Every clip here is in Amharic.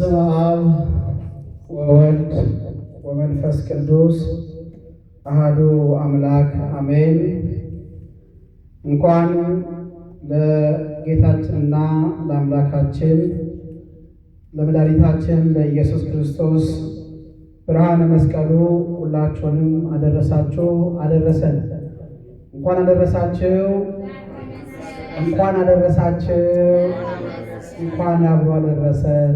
በስመ አብ ወወልድ ወመንፈስ ቅዱስ አሐዱ አምላክ አሜን። እንኳን ለጌታችንና ለአምላካችን ለመድኃኒታችን ለኢየሱስ ክርስቶስ ብርሃነ መስቀሉ ሁላችሁንም አደረሳችሁ አደረሰን። እንኳን አደረሳችሁ፣ እንኳን አደረሳችሁ፣ እንኳን አብሮ አደረሰን።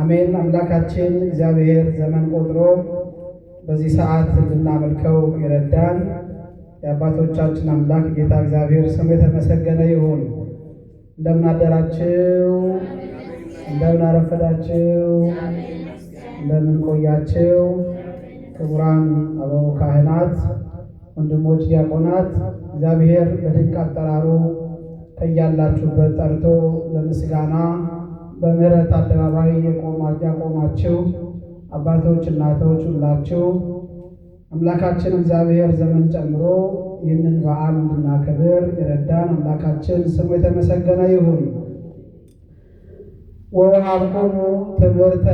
አሜን። አምላካችን እግዚአብሔር ዘመን ቆጥሮ በዚህ ሰዓት እንድናመልከው ይረዳን። የአባቶቻችን አምላክ ጌታ እግዚአብሔር ስሙ የተመሰገነ ይሁን። እንደምን አደራችሁ? እንደምን አረፈዳችሁ? እንደምን ቆያችሁ? ክቡራን አበው ካህናት፣ ወንድሞች ዲያቆናት፣ እግዚአብሔር በድንቅ አጠራሩ ከያላችሁበት ጠርቶ ለምስጋና በምህረት አደባባይ ያቆማችሁ አባቶች፣ እናቶች ሁላችሁ አምላካችን እግዚአብሔር ዘመን ጨምሮ ይህንን በዓል እንድናከብር የረዳን አምላካችን ስሙ የተመሰገነ ይሁን። ወወሀብኩሙ ትምህርተ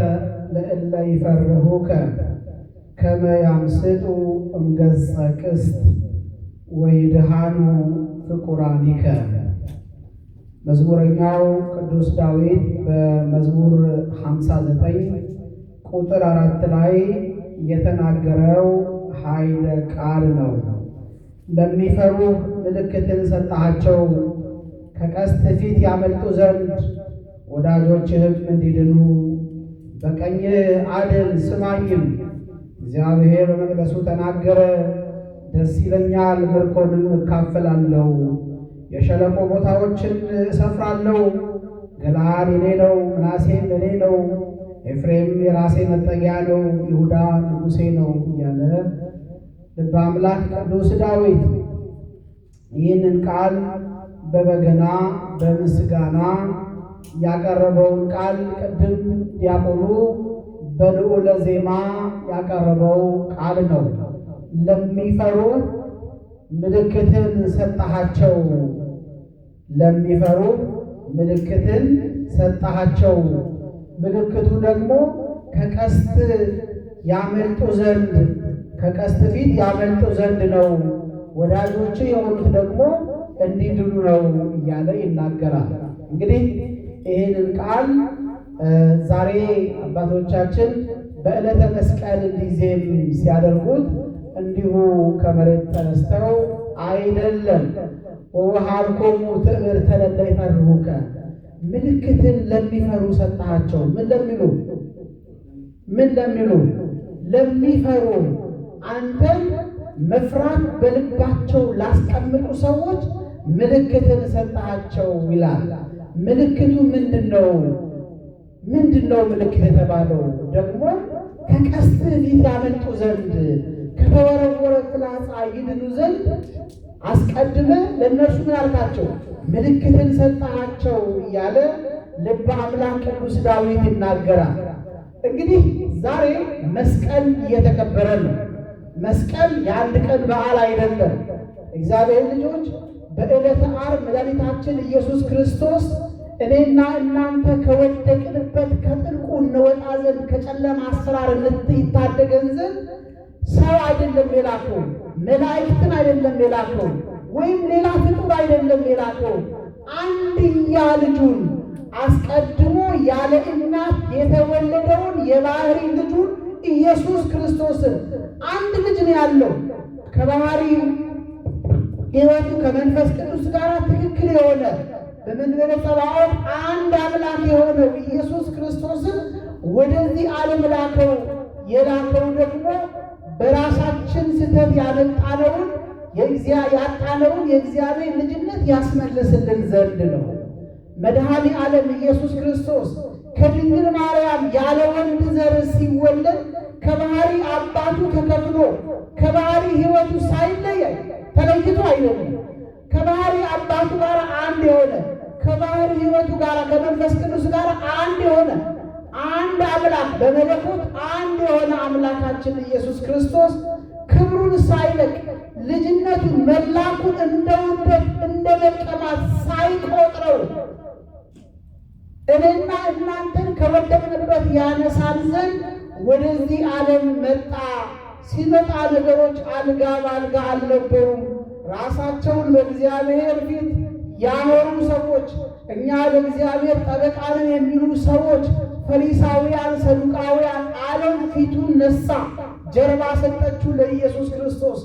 ለእለ ይፈርሁከ ከመ ያምስጡ እምገጸ ቅስት ወይድሃኑ ፍቁራኒከ መዝሙረኛው ቅዱስ ዳዊት በመዝሙር 59 ቁጥር አራት ላይ የተናገረው ኃይለ ቃል ነው። ለሚፈሩ ምልክትን ሰጣቸው ከቀስት ፊት ያመልጡ ዘንድ ወዳጆችህም እንዲድኑ በቀኝ አድን ስማኝም። እግዚአብሔር በመቅደሱ ተናገረ፣ ደስ ይለኛል፣ ምርኮንም እካፈላለው የሸለቆ ቦታዎችን እሰፍራለሁ። ገለዓድ የኔ ነው፣ ምናሴም የኔ ነው፣ ኤፍሬም የራሴ መጠጊያ ነው፣ ይሁዳ ንጉሴ ነው እያለ ልበ አምላክ ቅዱስ ዳዊት ይህንን ቃል በበገና በምስጋና ያቀረበውን ቃል ቅድም ዲያቆኑ በልዑለ ዜማ ያቀረበው ቃል ነው። ለሚፈሩ ምልክትን ሰጠሃቸው ለሚፈሩ ምልክትን ሰጣቸው ምልክቱ ደግሞ ከቀስት ያመልጡ ዘንድ ከቀስት ፊት ያመልጡ ዘንድ ነው፣ ወዳጆች የሆኑት ደግሞ እንዲድኑ ነው እያለ ይናገራል። እንግዲህ ይህንን ቃል ዛሬ አባቶቻችን በዕለተ መስቀል ጊዜም ሲያደርጉት እንዲሁ ከመሬት ተነስተው አይደለም ወወሃብኮሙ ትዕብርተ ለለይፈርሁከ ምልክትን ለሚፈሩ ሰጠሃቸው። ምን ለሚሉ ምን ለሚሉ ለሚፈሩ አንተን መፍራት በልባቸው ላስቀምጡ ሰዎች ምልክትን ሰጣቸው ይላል። ምልክቱ ምንድን ነው? ምንድን ነው ምልክት የተባለው ደግሞ ከቀስት ፊት ያመልጡ ዘንድ ከተወረወረ ፍላጻ ይድኑ ዘንድ አስቀድመ ለእነርሱ ምን አልካቸው? ምልክትን ሰጣቸው እያለ ልበ አምላክ ቅዱስ ዳዊት ይናገራል። እንግዲህ ዛሬ መስቀል እየተከበረ ነው። መስቀል የአንድ ቀን በዓል አይደለም። እግዚአብሔር ልጆች በዕለተ ዓርብ መድኃኒታችን ኢየሱስ ክርስቶስ እኔና እናንተ ከወደቅንበት ከጥልቁ እንወጣ ዘንድ ከጨለማ አሰራር ይታደገን ዘንድ ሰው አይደለም የላከው፣ መላእክትን አይደለም የላከው፣ ወይም ሌላ ፍጡር አይደለም የላከው። አንድያ ልጁን አስቀድሞ ያለ እናት የተወለደውን የባህሪ ልጁን ኢየሱስ ክርስቶስን አንድ ልጅ ነው ያለው ከባህሪው ሕይወቱ ከመንፈስ ቅዱስ ጋር ትክክል የሆነ በመንበረ ጸባዖት አንድ አምላክ የሆነው ኢየሱስ ክርስቶስን ወደዚህ ዓለም ላከው። የላከው ደግሞ በራሳችን ስህተት ያለጣነውን የግዚያ ያጣነውን የእግዚአብሔር ልጅነት ያስመልስልን ዘንድ ነው። መድኃኒ ዓለም ኢየሱስ ክርስቶስ ከድንግል ማርያም ያለ ወንድ ዘር ሲወለድ ከባህሪ አባቱ ተከፍሎ ከባህሪ ሕይወቱ ሳይለየ ተለይቶ አይደለም። ከባህሪ አባቱ ጋር አንድ የሆነ ከባህሪ ሕይወቱ ጋር ከመንፈስ ቅዱስ ጋር አንድ የሆነ አንድ አምላክ በመለኮት አንድ የሆነ አምላካችን ኢየሱስ ክርስቶስ ክብሩን ሳይለቅ ልጅነቱን መላኩን እንደውደት እንደ መቀማት ሳይቆጥረው እኔና እናንተን ከወደቅንበት ያነሳን ዘንድ ወደዚህ ዓለም መጣ። ሲመጣ ነገሮች አልጋ ባልጋ አልነበሩም። ራሳቸውን በእግዚአብሔር ፊት ያኖሩ ሰዎች፣ እኛ ለእግዚአብሔር ጠበቃንን የሚሉ ሰዎች ፈሪሳውያን፣ ሰዱቃውያን ዓለም ፊቱን ነሳ፣ ጀርባ ሰጠችው ለኢየሱስ ክርስቶስ።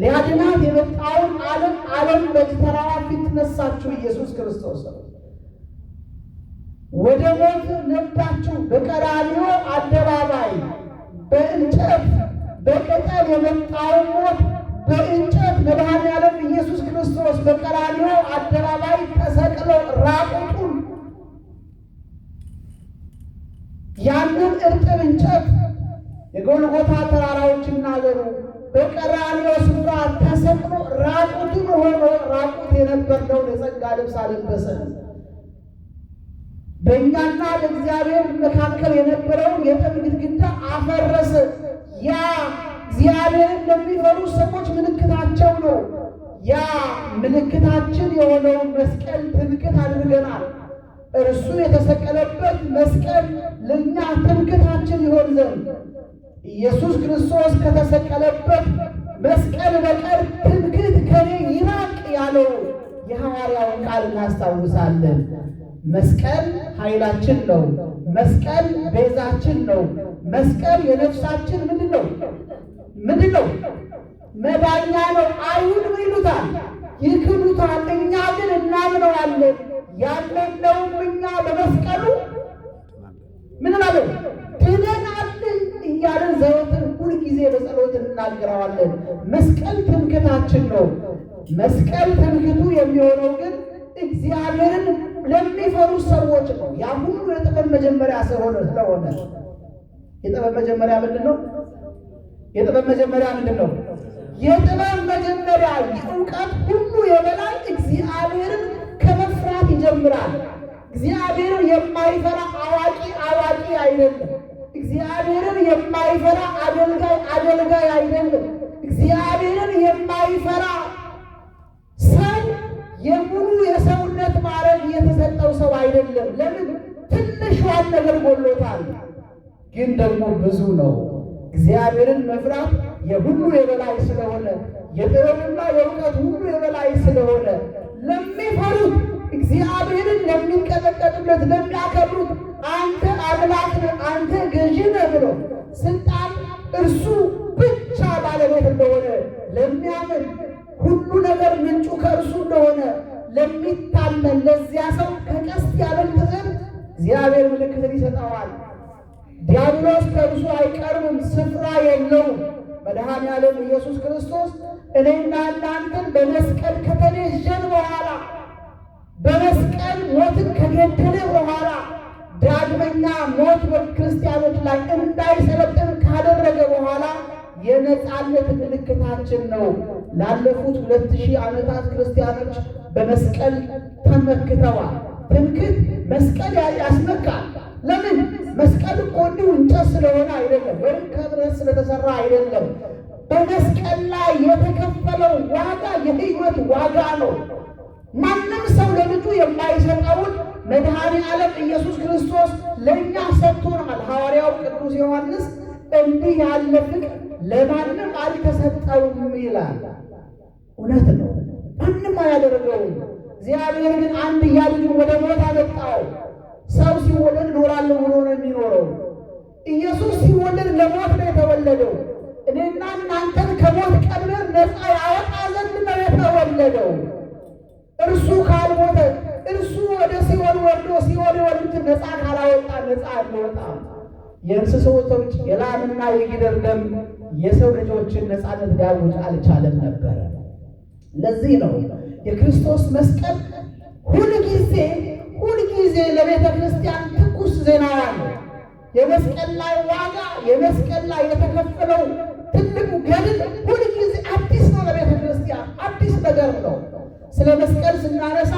ሊያድናት የመጣውን ዓለም ዓለም በተራዋ ፊት ነሳችሁ ኢየሱስ ክርስቶስ ወደ ሞት ነዳችሁ። በቀራንዮ አደባባይ በእንጨት በቅጠል የመጣውን ሞት በእንጨት መድኃኔ ኢየሱስ ክርስቶስ በቀራንዮ አደባባይ ተሰቅሎ ራቁ ያንን እርጥብ እንጨት የጎልጎታ ተራራዎችና አገሩ በቀራንዮ ስፍራ ተሰቅሎ ራቁትን ሆኖ ራቁት የነበረውን የጸጋ ልብስ አለበሰን። በእኛና በእግዚአብሔር መካከል የነበረውን የጥል ግድግዳ አፈረሰ። ያ እግዚአብሔርን ለሚፈሩ ሰዎች ምልክታቸው ነው። ያ ምልክታችን የሆነውን መስቀል ትምክት አድርገናል። እርሱ የተሰቀለበት መስቀል ለእኛ ትምክታችን ይሆን ዘንድ ኢየሱስ ክርስቶስ ከተሰቀለበት መስቀል በቀር ትምክት ከኔ ይራቅ ያለው የሐዋርያውን ቃል እናስታውሳለን። መስቀል ኃይላችን ነው። መስቀል ቤዛችን ነው። መስቀል የነፍሳችን ምንድን ነው? ምንድን ነው? መዳኛ ነው። አይሁድ ይሉታል፣ ይክዱታል። እኛ ግን ያለነውም እኛ በመስቀሉ ምን ማለት ትደናል እያለን ዘወትር ጊዜ በጸሎት እናገረዋለን። መስቀል ትምክታችን ነው። መስቀል ትምክቱ የሚሆነው ግን እግዚአብሔርን ለሚፈሩ ሰዎች ነው። ያ ሁሉ የጥበብ መጀመሪያ ስለሆነ ስለሆነ የጥበብ መጀመሪያ ምንድን ነው? የጥበብ መጀመሪያ ምንድን ነው? የጥበብ መጀመሪያ የእውቀት ሁሉ የበላይ እግዚአብሔርን ይጀምራል። እግዚአብሔርን የማይፈራ አዋቂ አዋቂ አይደለም። እግዚአብሔርን የማይፈራ አገልጋይ አገልጋይ አይደለም። እግዚአብሔርን የማይፈራ ሰው የሙሉ የሰውነት ማዕረግ የተሰጠው ሰው አይደለም። ለምን? ትንሿን ነገር ጎሎታል፣ ግን ደግሞ ብዙ ነው። እግዚአብሔርን መፍራት የሁሉ የበላይ ስለሆነ የጥበብና የእውቀት ሁሉ የበላይ ስለሆነ ለሚፈሩት እግዚአብሔርን ለሚንቀጠቀጡበት ለሚያከብሩት አንተ አምላክ ነህ፣ አንተ ገዢ ነህ ብሎ ስልጣን እርሱ ብቻ ባለቤት እንደሆነ ለሚያምን ሁሉ ነገር ምንጩ ከእርሱ እንደሆነ ለሚታመን ለዚያ ሰው ከቀስት ያበልጥን እግዚአብሔር ምልክትን ይሰጠዋል። ዲያብሎስ ከእርሱ አይቀርብም፣ ስፍራ የለውም። መድኃኔ ዓለም ኢየሱስ ክርስቶስ እኔና እናንተን በመስቀል ከተቤዠን በኋላ በመስቀል ሞትን ከገደለ በኋላ ዳግመኛ ሞት በክርስቲያኖች ላይ እንዳይሰለጥን ካደረገ በኋላ የነፃነት ምልክታችን ነው። ላለፉት ሁለት ሺህ ዓመታት ክርስቲያኖች በመስቀል ተመክተዋል። ትምክት መስቀል ያስመካል። ለምን? መስቀል እኮ እንዲሁ እንጨት ስለሆነ አይደለም፣ ወይም ከብረት ስለተሰራ አይደለም። በመስቀል ላይ የተከፈለው ዋጋ የህይወት ዋጋ ነው። የማይሰጠውን መድኃኔ ዓለም ኢየሱስ ክርስቶስ ለእኛ ሰጥቶናል። ሐዋርያው ቅዱስ ዮሐንስ እንዲህ ያለ ፍቅር ለማንም አልተሰጠውም ይላል። እውነት ነው፣ ማንም አያደረገውም። እግዚአብሔር ግን አንድያ ልጁን ወደ ሞት አመጣው። ሰው ሲወለድ እኖራለሁ ብሎ ነው የሚኖረው። ኢየሱስ ሲወለድ ለሞት ነው የተወለደው። እኔና እናንተን ከሞት ቀብር ነፃ ያወጣ ዘንድ ነው የተወለደው። እርሱ ካልሞተ ወደ ሲኦል ወርዶ ሲኦል የወሉትን ነፃ ካላወጣ ነፃ አልወጣም። የእንስሶቶች የላምና የጊደር ደም የሰው ልጆችን ነፃነት ሊያውጅ አልቻለም ነበረ። ለዚህ ነው የክርስቶስ መስቀል ሁልጊዜ ሁልጊዜ ለቤተ ክርስቲያን ትኩስ ዜናዋ ያለ የመስቀል ላይ ዋጋ የመስቀል ላይ የተከፈለው ትልቁ ገድል ሁልጊዜ አዲስ ነው። ለቤተ ክርስቲያን አዲስ ነገር ነው። ስለ መስቀል ስናነሳ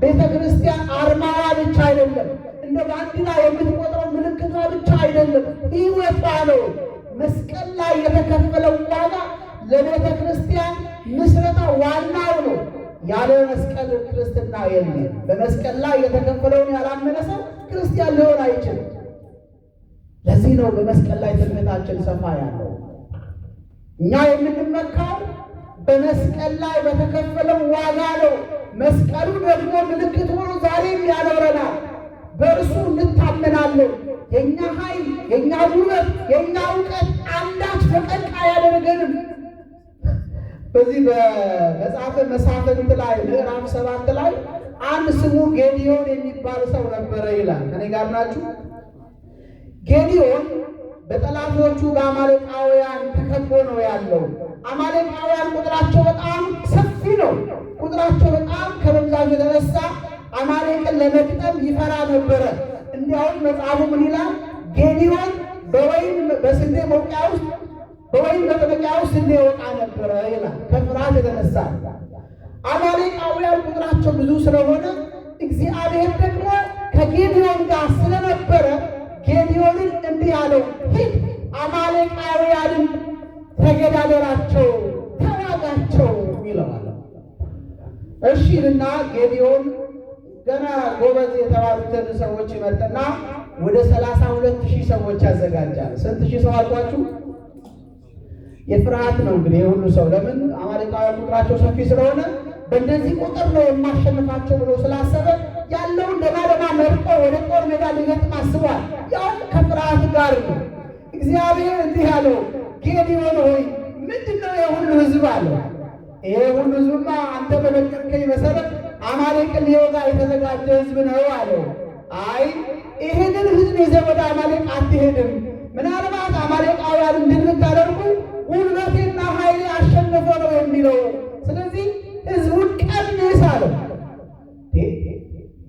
ቤተ ክርስቲያን አርማዋ ብቻ አይደለም፣ እንደ ባንዲራ የምትቆጥረው ምልክቷ ብቻ አይደለም። ሕይወቷ ነው። መስቀል ላይ የተከፈለው ዋጋ ለቤተ ክርስቲያን ምስረታ ዋናው ነው። ያለ መስቀል ክርስትና የለም። በመስቀል ላይ የተከፈለውን ያላመነ ሰው ክርስቲያን ሊሆን አይችልም። ለዚህ ነው በመስቀል ላይ ትምህርታችን ሰፋ ያለው። እኛ የምንመካው በመስቀል ላይ በተከፈለው ዋጋ ነው። መስቀሉ ደግሞ ምልክት ሆኖ ዛሬም ያኖረናል። በእርሱ እንታመናለን። የእኛ ኃይል፣ የእኛ ጉልበት፣ የእኛ እውቀት አንዳች ፈቀቅ አያደርገንም። በዚህ በመጽሐፈ መሳፍንት ላይ ምዕራፍ ሰባት ላይ አንድ ስሙ ጌዲዮን የሚባል ሰው ነበረ ይላል። እኔ ጋር ናችሁ? ጌዲዮን በጠላቶቹ በአማሌቃውያን ተከቦ ነው ያለው። አማሌቃውያን ቁጥራቸው በጣም ነው። ቁጥራቸው በጣም ከመብዛቱ የተነሳ አማሌቅን ለመግጠም ይፈራ ነበረ። እንዲያውም መጽሐፉ ምን ይላል? ጌዲዮን በወይን በስንዴ መውቂያ ውስጥ በወይን መጥመቂያ ውስጥ ስንዴ ወቃ ነበረ ይላል። ከፍርሃት የተነሳ አማሌቃውያን ቁጥራቸው ብዙ ስለሆነ እግዚአብሔር ደግሞ ከጌዲዮን ጋር ስለነበረ ጌዲዮንን እንዲህ ያለው ሂድ አማሌቃውያንን ተገዳደራቸው፣ ተዋጋቸው ይለዋል። እሺልና ጌዲዮን ገና ጎበዝ የተባሉትን ሰዎች ይመርጥና ወደ ሰላሳ ሁለት ሺህ ሰዎች ያዘጋጃል። ስንት ሺህ ሰው አልኳችሁ? የፍርሃት ነው እንግዲህ የሁሉ ሰው ለምን አማሪካውያን ቁጥራቸው ሰፊ ስለሆነ በእንደዚህ ቁጥር ነው የማሸንፋቸው ብሎ ስላሰበ ያለውን ደማደማ መርጦ ወደ ጦር ሜዳ ሊገጥም አስቧል። ያውም ከፍርሃት ጋር ነው። እግዚአብሔር እንዲህ አለው፣ ጌዲዮን ሆይ ምንድነው የሁሉ ህዝብ አለው ይሄ ሁሉ ህዝብማ አንተ በመከርከኝ መሰረት አማሌቅን ሊወጋ የተዘጋጀ ህዝብ ነው አለው። አይ ይህንን ህዝብ ይዘህ ወደ አማሌቅ አትሄድም። ምናልባት አማሌቃውያን እንድንታደርጉ ጉልበቴና ኃይሌ አሸንፎ ነው የሚለው። ስለዚህ ህዝቡን ቀንስ አለው።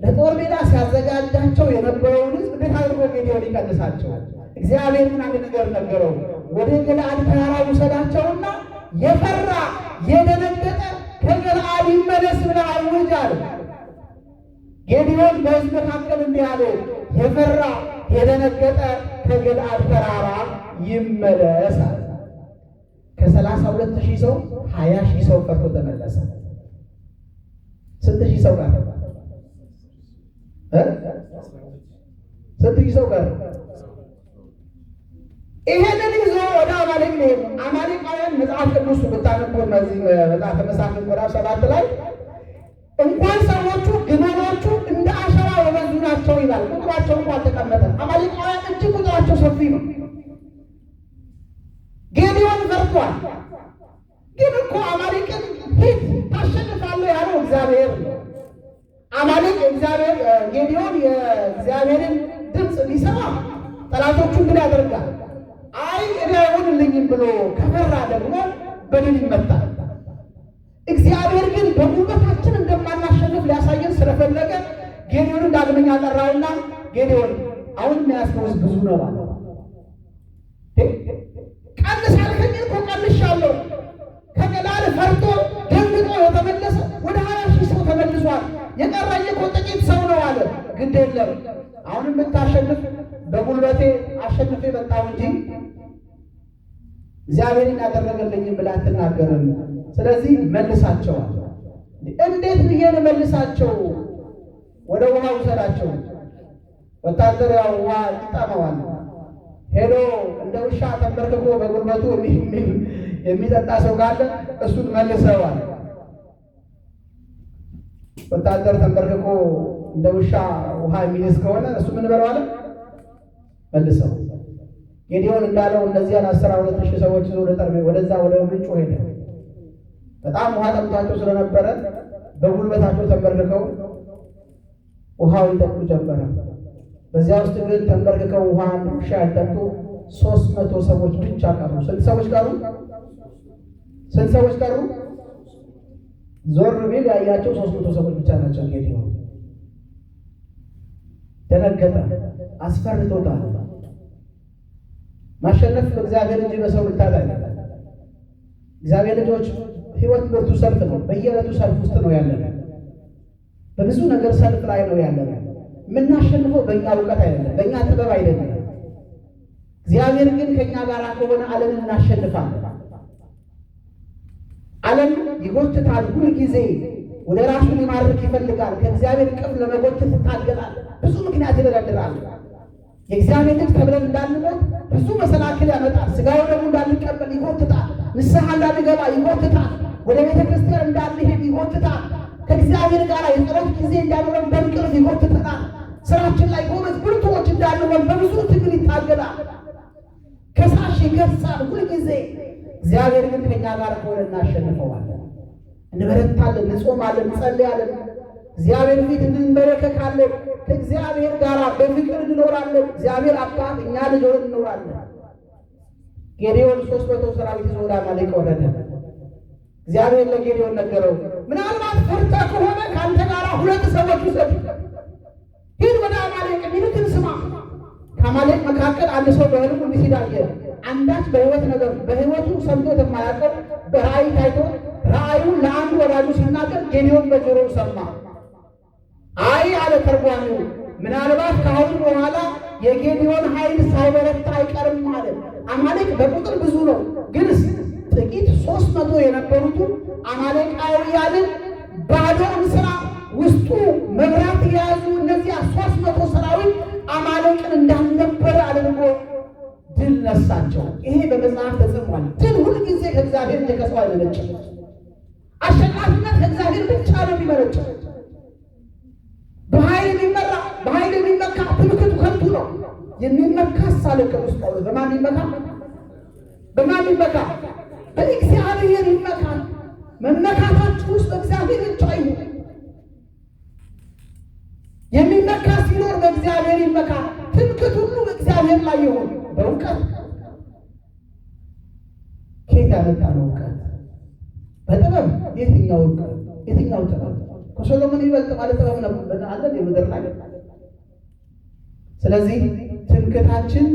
ለጦር ሜዳ ሲያዘጋጃቸው የነበረውን ህዝብ እንዴት አድርጎ ጌዲዮን ይቀንሳቸው? እግዚአብሔር ምን ነገር ነገረው። ወደ ገለዓድ ተራራ ውሰዳቸውና የፈራ የደነገጠ ከገልአድ ይመለስ ብለ አውጅ አለ። ጌዲዮን በሕዝብ መካከል እንዲህ አለ፣ የፈራ የደነገጠ ከገልአድ ተራራ ይመለስ አለ። ከሰላሳ ሁለት ሺህ ሰው ሀያ ሺህ ሰው ቀርቶ ተመለሰ። ስንት ሺህ ሰው ቀረ? ስንት ሺህ ሰው ቀረ? ይሄንን ይዞ ወደ አማሌቅ ሄዱ። አማሌቃውያን መጽሐፍ ቅዱስ ብታነቡ እነዚህ መጽሐፈ መሳፍንት ምዕራፍ ሰባት ላይ እንኳን ሰዎቹ ግመሎቹ እንደ አሸራ የበዙ ናቸው ይላል። ቁጥራቸው እንኳ አልተቀመጠም። አማሌቃውያን እጅግ ቁጥራቸው ሰፊ ነው። ጌዲዮን ፈርቷል። ግን እኮ አማሌቅን ሂድ ታሸንፋለህ ያለው እግዚአብሔር ነው። አማሌቅ እግዚአብሔር ጌዲዮን የእግዚአብሔርን ድምፅ ሊሰማ ጠላቶቹ ምን ያደርጋል? አይ እኔ አይሆንልኝም ብሎ ከፈራ ደግሞ በድል ይመታል። እግዚአብሔር ግን በጉልበታችን እንደማናሸንፍ ሊያሳየን ስለፈለገ ጌዴዎንን ዳግመኛ ጠራውና ጌዴዎን አሁን የሚያስፈውስ ብዙ ነው አለ። ቀንስ አልከኝ እኮ ቀንሻለሁ። ከቀላል ፈርቶ ደንግጦ የተመለሰ ወደ ሀያ ሺህ ሰው ተመልሷል። የቀረኝ እኮ ጥቂት ሰው ነው አለ። ግድ የለም አሁን የምታሸንፍ በጉልበቴ አሸንፌ መጣሁ እንጂ እግዚአብሔር ያደረገልኝን ብላ አትናገርም። ስለዚህ መልሳቸዋል። እንዴት ብዬ ልመልሳቸው? ወደ ውሃ ውሰዳቸው። ወታደር ያው ውሃ ይጠማዋል። ሄዶ እንደ ውሻ ተንበርክኮ በጉልበቱ የሚጠጣ ሰው ካለ እሱን መልሰዋል። ወታደር ተንበርክኮ እንደ ውሻ ውሃ የሚልስ ከሆነ እሱ ምን በለዋለን? መልሰው ጌዲዮን እንዳለው እነዚያን አስራ ሁለት ሺህ ሰዎች ይዞ ወደዛ ወደ ምንጩ ሄደ። በጣም ውሃ ጠምቷቸው ስለነበረ በጉልበታቸው ተንበርክከው ውሃው ይጠጡ ጀመረ። በዚያ ውስጥ ግን ተንበርክከው ውሃ አንድ ውሻ ያልጠጡ ሶስት መቶ ሰዎች ብቻ ቀሩ። ስንት ሰዎች ቀሩ? ስንት ሰዎች ቀሩ? ዞር ቢል ያያቸው ሶስት መቶ ሰዎች ብቻ ናቸው ጌዲዮን ደነገጠ፣ አስፈርቶታል። ማሸነፍ በእግዚአብሔር እንጂ በሰው ልታጣ እግዚአብሔር ልጆች ህይወት ብርቱ ሰልፍ ነው። በየዕለቱ ሰልፍ ውስጥ ነው ያለን። በብዙ ነገር ሰልፍ ላይ ነው ያለን። የምናሸንፈው በእኛ እውቀት አይደለም፣ በእኛ ጥበብ አይደለም። እግዚአብሔር ግን ከእኛ ጋር ከሆነ ዓለም እናሸንፋለን። ዓለም ይጎትታል ሁል ጊዜ ወደ ራሱ ሊማርክ ይፈልጋል። ከእግዚአብሔር ቅፍ ለመጎተት ይታገላል። ብዙ ምክንያት ይደረድራል። የእግዚአብሔር ልጅ ተብለን እንዳንሞት ብዙ መሰናክል ያመጣል። ስጋዊ ደግሞ እንዳንቀበል ይጎትታል። ንስሐ እንዳንገባ ይጎትታል። ወደ ቤተ ክርስቲያን እንዳንሄድ ይጎትታል። ከእግዚአብሔር ጋር የጸሎት ጊዜ እንዳንሆን በእንቅልፍ ይጎትተናል። ስራችን ላይ ጎበዝ ብርቱዎች እንዳንሆን በብዙ ትግል ይታገላል። ከሳሽ ይገሳል ሁልጊዜ። እግዚአብሔር ግን ከእኛ ጋር ከሆነ እናሸንፈዋለን። እንበረታለን፣ እንጾማለን፣ እንጸልያለን፣ እግዚአብሔር ፊት እንበረከካለን፣ ከእግዚአብሔር ጋር በፍቅር እንኖራለን። እግዚአብሔር አባት እኛ ልጅ ሆነን እንኖራለን። ጌዴዎን ሶስት መቶ ሰራዊት ይዞ ወደ አማሌቅ ወረደ። እግዚአብሔር ለጌዴዎን ነገረው፣ ምናልባት ፈርተህ ከሆነ ከአንተ ጋር ሁለት ሰዎች ውሰድ፣ ሂድ ወደ አማሌቅ ሚሉትን ከማለት መካከል አንድ ሰው በህልሙ እንዲህ ሲል አየ። አንዳች በህይወት ነገር በህይወቱ ሰምቶት የማያውቀው በራእይ ታይቶ ራእዩን ለአንዱ ወዳጁ ሲናገር ጌዲዮን በጆሮው ሰማ። አይ አለ ተርጓሚው፣ ምናልባት ከአሁን በኋላ የጌዲዮን ኃይል ሳይበረታ አይቀርም አለ። አማሌቅ በቁጥር ብዙ ነው፣ ግን ጥቂት ሶስት መቶ የነበሩቱ አማሌቃውያንን ባዶ እንስራ ውስጡ መብራት የያዙ እነዚያ ሶስት መቶ ሰራዊት አማለቅን እንዳልነበረ አድርጎ ድል ነሳቸው። ይሄ በመጽሐፍ ተጽፏል። ድል ሁልጊዜ ከእግዚአብሔር እየከሰው አይመነጭም። አሸናፊነት ከእግዚአብሔር ብቻ ነው የሚመነጨው። በኃይል የሚመራ በኃይል የሚመካ ትምክቱ ከንቱ ነው። የሚመካ ሳለ ውስጥ ጳውሎስ በማን ይመካ? በማን ይመካ? በእግዚአብሔር ይመካ። መመካታችሁ ውስጥ እግዚአብሔር ብቻ ይሁን። የሚመካ ሲኖር በእግዚአብሔር ይመካ። ትምክት ሁሉ እግዚአብሔር ላይ ይሁን። በእውቀት ከየት ያመጣ ነው? እውቀት በጥበብ የትኛው እውቀት የትኛው ጥበብ ከሶሎሞን ይበልጥ ማለት ጥበብ ነው አለ የምድር ላይ። ስለዚህ ትምክታችን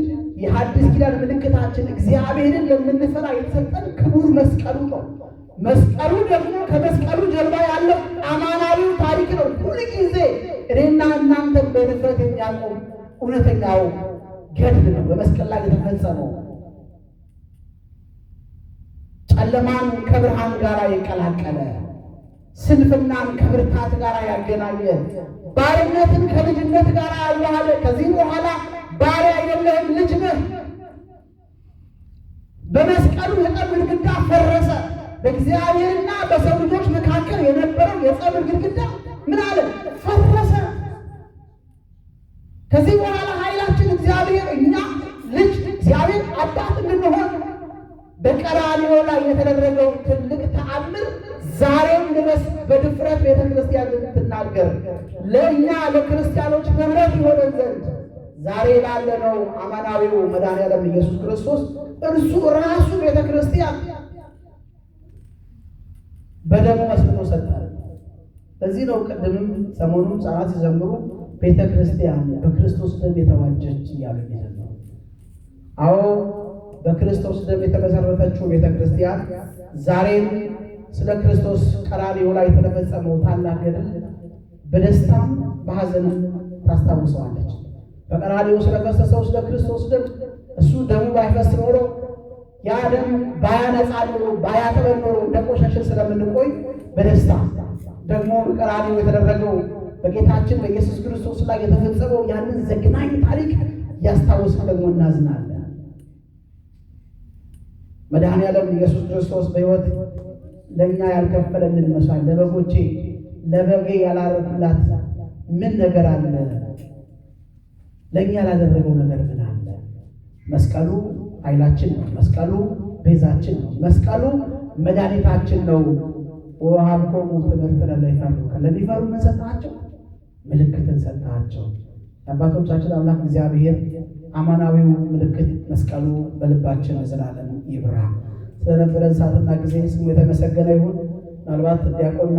የሐዲስ ኪዳን ምልክታችን እግዚአብሔርን ለምንፈራ የተሰጠን ክቡር መስቀሉ ነው። መስቀሉ ደግሞ ከመስቀሉ ጀርባ ያለው አማና ሁሉ ጊዜ እኔና እናንተ በድፍረት የሚያቆም እውነተኛው ገድል ነው፣ በመስቀል ላይ የተፈጸመው ጨለማን ከብርሃን ጋር የቀላቀለ ስንፍናን ከብርታት ጋር ያገናኘ ባርነትን ከልጅነት ጋር ያዋሃለ ከዚህ በኋላ ባሪያ የለህም ልጅ ነህ። በመስቀሉ የጠብ ግድግዳ ፈረሰ። በእግዚአብሔርና በሰው ልጆች መካከል የነበረው የጸብ ግድግዳ ምን አለ ፈረሰ። ከዚህ በኋላ ኃይላችን እግዚአብሔር እኛ ልጅ እግዚአብሔር አባት እንድንሆን በቀራንዮ ላይ የተደረገው ትልቅ ተአምር ዛሬም ድረስ በድፍረት ቤተ ክርስቲያን ትናገር ለእኛ ለክርስቲያኖች መምረት ይሆነን ዘንድ ዛሬ ላለነው አማናዊው መድኃኒዓለም ኢየሱስ ክርስቶስ እርሱ ራሱ ቤተ ክርስቲያን በደሙ መስሎ ሰጠ። በዚህ ነው ቅድምም ሰሞኑም ሰዓት ሲዘምሩ ቤተ ክርስቲያን በክርስቶስ ደም የተዋጀች እያሉ የሚዘምሩ። አዎ በክርስቶስ ደም የተመሰረተችው ቤተ ክርስቲያን ዛሬም ስለ ክርስቶስ ቀራንዮ ላይ የተፈጸመው ታላቅ ገድል በደስታም በሐዘንም ታስታውሰዋለች። በቀራንዮ ስለፈሰሰው ስለ ክርስቶስ ደም እሱ ደሙ ባይፈስ ኖሮ ያ ደም ባያነጻ ኖሮ ባያጥበን ኖሮ እንደ ስለምንቆይ በደስታ ደግሞ በቀራንዮ የተደረገው በጌታችን በኢየሱስ ክርስቶስ ላይ የተፈጸመው ያንን ዘግናኝ ታሪክ እያስታወስን ደግሞ እናዝናለን። መድኃኔዓለም ኢየሱስ ክርስቶስ በሕይወት ለእኛ ያልከፈለልን መሥዋዕት ለበጎቼ ለበጌ ያላረኩላት ምን ነገር አለ? ለእኛ ያላደረገው ነገር ምን አለ? መስቀሉ ኃይላችን ነው። መስቀሉ ቤዛችን ነው። መስቀሉ መድኃኒታችን ነው። ወሀብኮሙ ትምህርት ለይፈርዱከ ለሚፈሩ ምን ሰጣቸው? ምልክትን ሰጣቸው። የአባቶቻችን አምላክ እግዚአብሔር አማናዊው ምልክት መስቀሉ በልባችን ዘላለም ይብራ። ስለነበረን ሰዓትና ጊዜ ስሙ የተመሰገነ ይሁን። ምናልባት ዲያቆን